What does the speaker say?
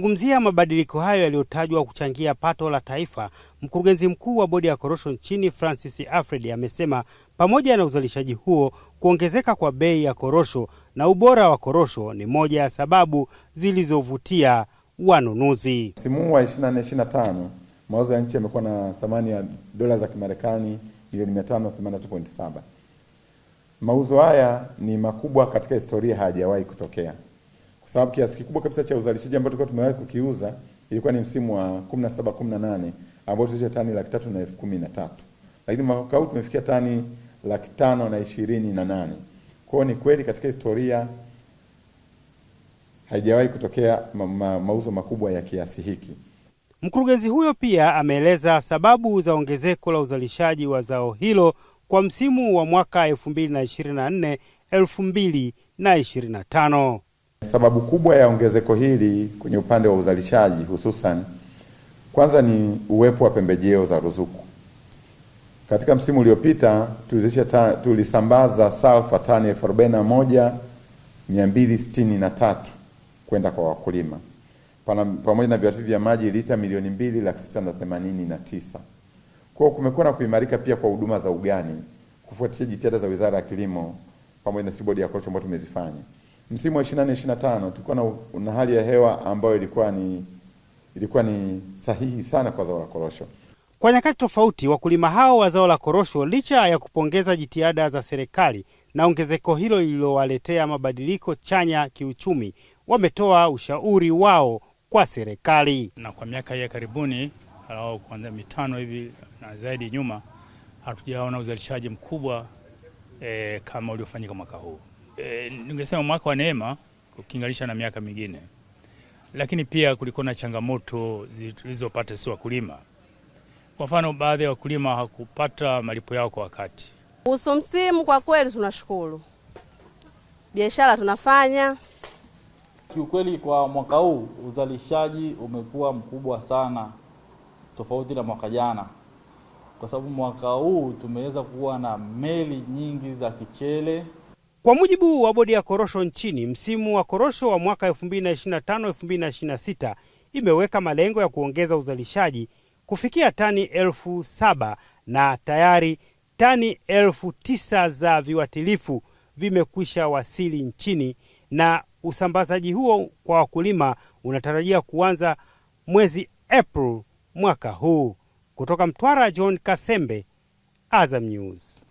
Zungumzia mabadiliko hayo yaliyotajwa kuchangia pato la taifa, mkurugenzi mkuu wa bodi ya korosho nchini Francis Alfred amesema pamoja na uzalishaji huo, kuongezeka kwa bei ya korosho na ubora wa korosho ni moja ya sababu zilizovutia wanunuzi. Msimu wa 2025 mauzo ya nchi yamekuwa na thamani ya dola za Kimarekani milioni 583.7. Mauzo haya ni makubwa katika historia, hayajawahi kutokea kwa sababu kiasi kikubwa kabisa cha uzalishaji ambao tulikuwa tumewahi kukiuza ilikuwa ni msimu wa 17 18 ambao tulisha tani laki tatu na elfu kumi na tatu lakini mwaka huu tumefikia tani laki tano na ishirini na nane kwao. Ni kweli katika historia haijawahi kutokea ma ma mauzo makubwa ya kiasi hiki. Mkurugenzi huyo pia ameeleza sababu za ongezeko la uzalishaji wa zao hilo kwa msimu wa mwaka 2024 2025. Sababu kubwa ya ongezeko hili kwenye upande wa uzalishaji hususan, kwanza ni uwepo wa pembejeo za ruzuku. Katika msimu uliopita tulizalisha tulisambaza salfa tani elfu arobaini na moja mia mbili sitini na tatu kwenda kwa wakulima pamoja na viuatilifu vya maji lita milioni mbili laki sita na themanini na tisa. Kwa kumekuwa na kuimarika pia kwa huduma za ugani kufuatia jitihada za Wizara ya Kilimo pamoja na bodi ya korosho ambayo tumezifanya msimu wa 24 25 tulikuwa na, na hali ya hewa ambayo ilikuwa ni, ilikuwa ni sahihi sana kwa zao la korosho. Kwa nyakati tofauti, wakulima hao wa zao la korosho, licha ya kupongeza jitihada za serikali na ongezeko hilo lililowaletea mabadiliko chanya kiuchumi, wametoa ushauri wao kwa serikali. Na kwa miaka hii ya karibuni, kwanza mitano hivi na zaidi nyuma, hatujaona uzalishaji mkubwa e, kama uliofanyika mwaka huu e, ningesema mwaka wa neema ukilinganisha na miaka mingine, lakini pia kulikuwa na changamoto zilizopata si wakulima. Kwa mfano, baadhi ya wakulima hakupata malipo yao kwa wakati. Kuhusu msimu, kwa kweli tunashukuru, biashara tunafanya kiukweli. Kwa mwaka huu uzalishaji umekuwa mkubwa sana, tofauti na mwaka jana, kwa sababu mwaka huu tumeweza kuwa na meli nyingi za kichele. Kwa mujibu wa bodi ya korosho nchini, msimu wa korosho wa mwaka 2025-2026 imeweka malengo ya kuongeza uzalishaji kufikia tani elfu saba na tayari tani elfu tisa za viwatilifu vimekwisha wasili nchini na usambazaji huo kwa wakulima unatarajia kuanza mwezi april mwaka huu. Kutoka Mtwara, John Kasembe, Azam News.